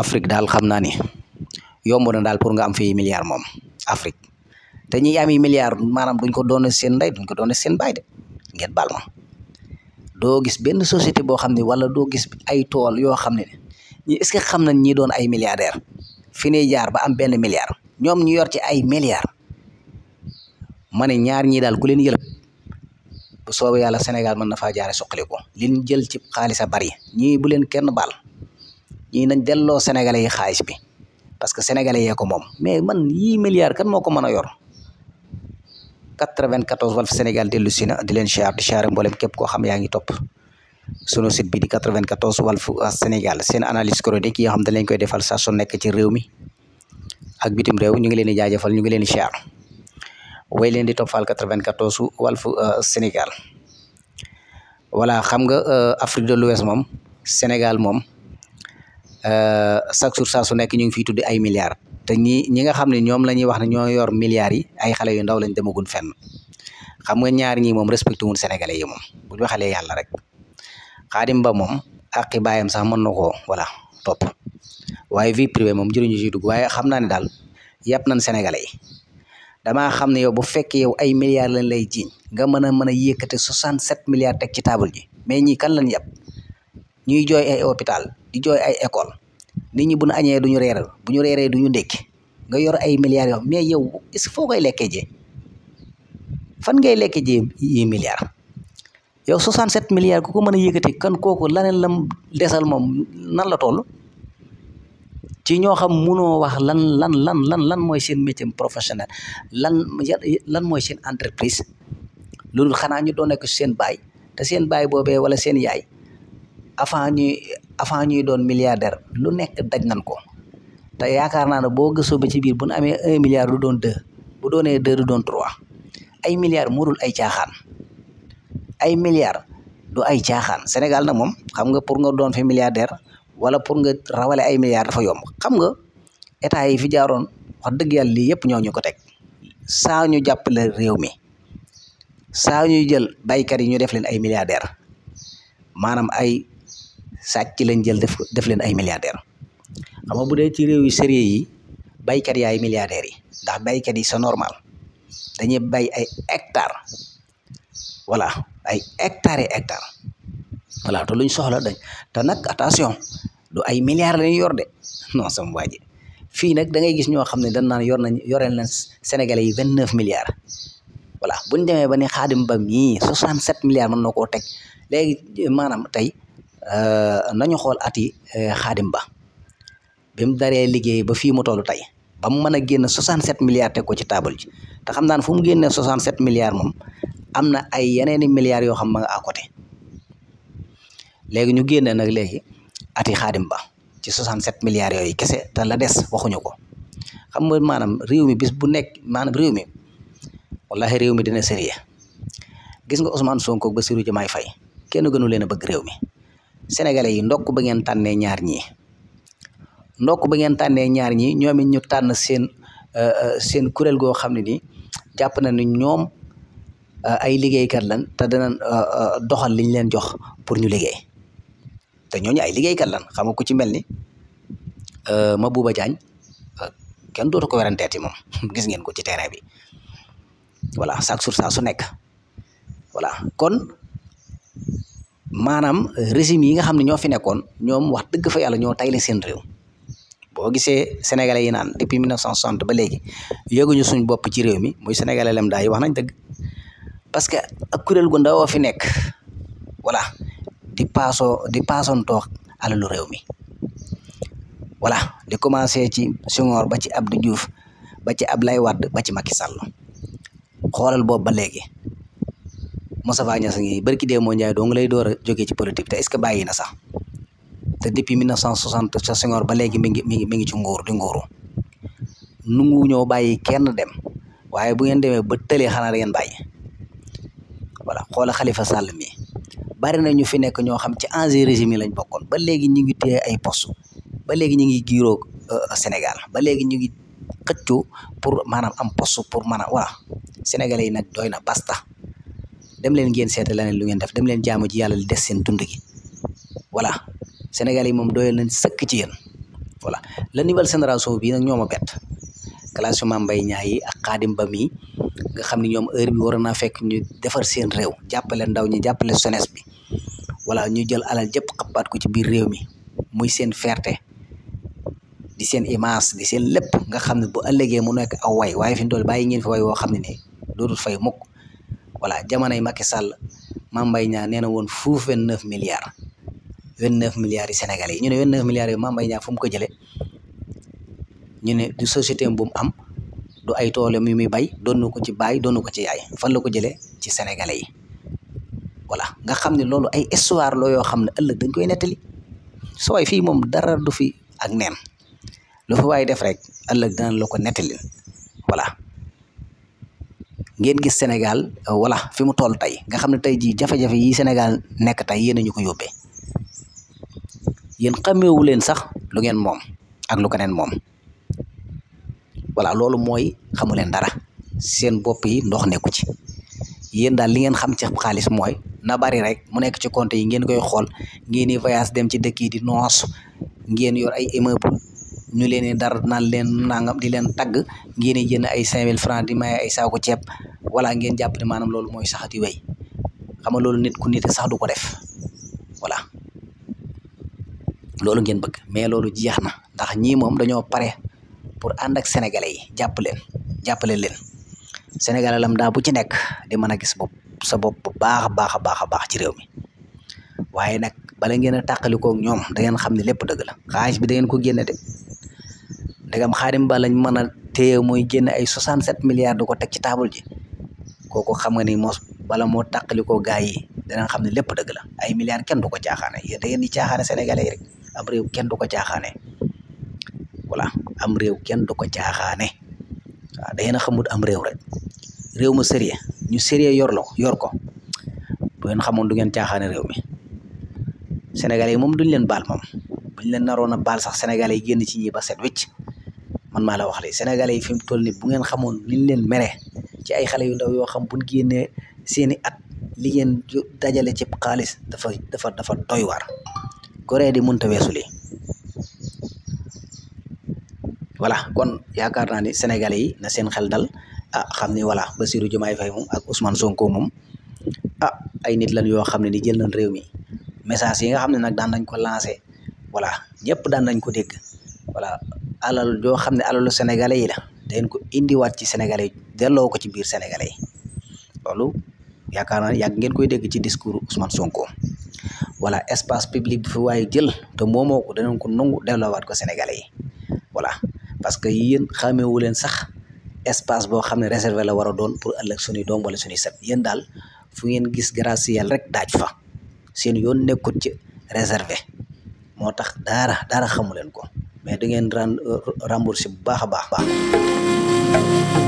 Afrique daal xam naa ni yomb na daal pour nga am fi milliard moom Afrique te ñi am yi milliard maanaam duñ ko doon seen ndey duñ ko doon seen baay de ngeen baal ma doo gis benn société boo xam ne wala doo gis ay tool yoo xam ne ñi est xam na ñi doon ay milliardaire fi ne jaar ba am benn milliard ñoom ñu yor ci ay milliard ma ne ñaar ñii daal ku leen yëlëb bu soobee yàlla Sénégal mën na faa jaare suqali ko jël ci xaalis a bari ñii bu kenn baal ñii nañ delloo sénégalais yi xaalis bi parce que sénégalais yee ko moom mais man yii milliards kan moo ko mën a yor 94 Walf Sénégal dellu si na di leen siyaar di siyaare mboolem képp koo xam yaa ngi topp sunu site bi di 94 Walf Sénégal seen analyse chronique yi nga xam dañ leen koy defal saa su nekk ci réew mi ak bitim réew ñu ngi leen di jaajëfal ñu ngi leen di siyaar way leen di topp faal 94 Walf euh, Sénégal voilà xam nga euh, Afrique de l'Ouest moom Sénégal moom. Euh, chaque jour saa su nekk ñu ngi fiy tudd ay milliards te ñi ñi nga xam ne ñoom la ñuy wax ne ñoo yor milliards yi ay xale yu ndaw lañ demagun fenn xam nga ñaar ñii moom respecté wun sénégalais yi moom bu ñu waxalee yàlla rek xaadim ba moom a baayam sax mën na koo voilà topp waaye vie privée moom jëriñu ci dugg waaye xam naa ne daal yàpp nan sénégalais yi damaa xam ne yow bu fekkee yow ay milliards lañ lay jiiñ nga mën a mën a yëkkate 67 milliards teg ci table yi mais ñii kan lañ yàpp ñuy jooy ay di jooy ay école ni ñi bu nu añee duñu reeral bu ñu reeree duñu ndékki nga yor ay milliards yoo mais yow est-ce que foo koy lekkee jee fan ngay lekkee jee yi milliards yow 67 milliards ku ko mën a yëkkati kan kooku laneen lam desal moom nan la toll ci ñoo xam munoo wax lan lan lan lan lan mooy seen métier professionnel lan lan mooy seen entreprise loolu xanaa ñu doon nekk seen baay te seen baay boobee wala seen yaay avant ñuy avant ñuy doon milliardaire lu nekk daj nañ ko te yaakaar naa ne boo gëstoo ba ci biir bu nu amee un milliard du doon deux bu doonee deux du doon trois ay milliards mu dul ay caaxaan ay milliards du ay caaxaan Sénégal nag moom xam nga pour nga doon fi milliardaire wala pour nga rawale ay milliards fa yomb xam nga état yi fi jaaroon wax dëgg yàlla li yëpp ñoo ñu ko teg saa ñu jàppale réew mi saa ñuy jël baykat yi ñu def leen ay milliardaire maanaam ay sàcc lañ jël def def leen ay milliardaires xam bu dee ci réew yu sérieux yi baykat yaay milliardaires yi ndax baykat yi sa normal dañuy bay ay hectares voilà ay hectares et hectares voilà te luñ soxla dañ te nag attention du ay milliards lañu yor de non sama waa ji nag da ngay gis ñoo xam ne dañ naan yor na yoreel nañ Sénégalais yi vingt neuf milliards voilà bu demee ba ne Xaadim Ba mii soixante sept milliards mën na koo teg léegi maanaam tey Euh, na ñu xool ati xaadim euh, ba bi mu daree liggéey ba fii mu toll tey ba mu mën a génn 67 milliards teg ko ci table ji te xam naan fu mu génnee 67 miliare moom am na ay yeneeni milliards yoo xam ma nga à côté léegi ñu génne nag léegi ati xaadim ba ci 67 milliards yooyu kese te la des waxuñu ko xam nga maanaam réew mi bis bu nekk maanaam réew mi wallahi réew mi dina sérieux gis nga Ousmane Sonko ak Bassirou Diomaye fay kenn gënu leen a bëgg réew mi sénégalais yi ndokk ba ngeen tànnee ñaar ñii ndokk ba ngeen tànnee ñaar ñi ñoom it ñu tànn seen euh, euh, seen kuréel goo xam ne ni jàpp na ni ñoom euh, ay liggéeykat lan te danañ doxal liñ leen jox pour ñu liggéey te ñooñu ay liggéeykat lan xam nga ku ci mel ni Mabouba Diagne kenn dootu ko weranteeti moom gis ngeen ko ci terrain bi voilà chaque jour sa su nekk kon maanaam régime yi nga xam ne ñoo fi nekkoon ñoom wax dëgg fa yàlla ñoo tayle seen réew boo gisee sénégalais yi naan depuis 1960 ba léegi yëguñu suñ bopp ci réew mi muy sénégalais lem daa yi wax nañ dëgg parce que ak kuréel gu ndaw fi nekk voilà di paaso di paasontoo alalu réew mi voilà di commencé ci Senghor ba ci Abdou Diouf ba ci ab lay Wade ba ci Macky sallo xoolal boobu ba léegi Moustapha Niass ngi barki dee moo Ndiaye lay door a jógee ci politique te est ce na sax te depuis 1960 sa Senghor ba léegi mi ngi mi ngi ngi ci nguur di nguuru nungu ñoo bàyyi kenn dem waaye bu ngeen demee ba tëlee xanaa da ngeen bàyyi voilà xoola xalifa Sall mi bari na ñu fi nekk ñoo xam ci ancien régime yi lañ bokkoon ba léegi ñu ngi téye ay postu ba léegi ñu ngi giiroo euh, Sénégal ba léegi ñu ngi xëccu pour maanaam am postu pour maanaam voilà sénégalais yi nag doy na basta dem leen ngeen seete lu ngeen def dem leen jaamu ji yàlla des seen dund gi voilà Sénégal yi moom doyal nañ sëkk ci yéen voilà la nouvelle génération bii nag ñoo ma bett classement mbay ñaay yi ak xaadim ba mi nga xam ne ñoom heure bi waroon naa fekk ñu defar seen réew jàppale ndaw ñi jàppale jeunesse bi wala ñu jël alal jëpp xabaat ko ci biir réew mi muy seen fierté di seen image di seen lépp nga xam ne bu ëllëgee mu nekk aw way waaye fi mu toll bàyyi ngeen fi way woo xam ne ne dootul fay mukk voilà jamonoy Macky Sall Mame Mbaye Niang nee na woon fuuf vingt neuf milliards vingt neuf milliards yi Sénégalais yi ñu ne vingt neuf milliards yi Mame ko jëlee ñu ne du société bu am du ay toolam yu muy bay doon na ko ci baay doon na ko ci yaay fan la ko jëlee ci Sénégalais yi voilà nga xam ne loolu ay histoire la yoo xam ne ëllëg dañ koy nettali soo waay fii moom dara du fi ak neen lu fi def rek ëllëg danañ la ko nettali voilà ngeen gis Sénégal euh, voilà fi mu toll tey nga xam ne tey jii jafe-jafe yi Sénégal nekk tey yéen a ñu ko yóbbee yéen xameewu leen sax lu ngeen moom ak lu keneen moom voilà loolu mooy xamu leen dara seen bopp yi ndox nekku ci yéen daal li ngeen xam ci xaalis mooy na bari rek mu nekk ci compte yi ngeen koy xool ngeen i dem ci dëkk yi di noos ngeen yor ay immeuble ñu leen di dar naan leen nangam di leen tagg ngeen di ay cinq mille francs di maye ay saako ceeb wala ngeen jàpp ne loolu mooy saxati wéy xam nga loolu nit ku nite sax du ko def voilà loolu ngeen bëgg mais loolu jeex na ndax ñii moom dañoo pare pour ànd ak sénégalais yi jàpp leen jàppale leen sénégalais lam daal bu ci nekk di mën a gis bopp sa bopp bu baax a baax a baax a baax ci réew mi waaye nag bala ngeen a tàqalikoog ñoom da ngeen xam ne lépp dëgg la xaalis bi da ngeen ko génne de ndegam xaadim ba lañ mën a téye mooy génne ay 67 milliards du ko teg ci table ji ko xam nga ni moos bala moo tàqali ko gaa yi danañ xam ne lépp dëgg ay milliards kenn du ko caaxaane yéen da di caaxaane sénégalais rek am kenn du ko caaxaane am réew kenn du ko caaxaane waaw da ngeen xamut am réew rek réew mu sérieux ñu sérieux yor la yor ko bu ngeen xamoon du ngeen caaxaane réew mi sénégalais yi moom duñ leen baal moom buñ leen naroon a baal sax sénégalais yi génn ci ñi ba man maa la wax li sénégalais yi fi mu toll ni bu ngeen xamoon liñ leen mere ci ay xale yo ndaw yoo xam buñ génnee seeni at li ngeen dajale ci xaalis dafa dafa dafa doy waar goree di mënta weesu lii voilà kon yaakaar naa ni sénégalais yi na seen xel dal ah xam ni voilà Bassirou Diomaye Faye moom ak Ousmane Sonko moom a ah, ay nit lan yoo xam ne ni jël nañ réew mi message yi nga xam ne nag daan nañ ko lancé voilà ñëpp daan nañ ko dégg voilà alal joo xam ne alalu sénégalais yi la dañ ko indiwaat ci sénégalais yi delloo ko ci biir sénégalais yi loolu yaakaar naa yàgg ngeen koy dégg ci discours Ousmane Sonko voilà espace public bi fi waaye jël te moomoo ko danañ ko nangu delloowaat ko sénégalais yi voilà parce que yéen xameewu leen sax espace boo xam ne réservé la war a doon pour ëllëg suñuy doom wala suñuy sët yéen daal fu ngeen gis gratte-ciel rek daaj fa seen yoon nekkut ci réservé moo tax daara daara xamu leen ko mais da ngeen ren euh, remboursé bu baax a baax baax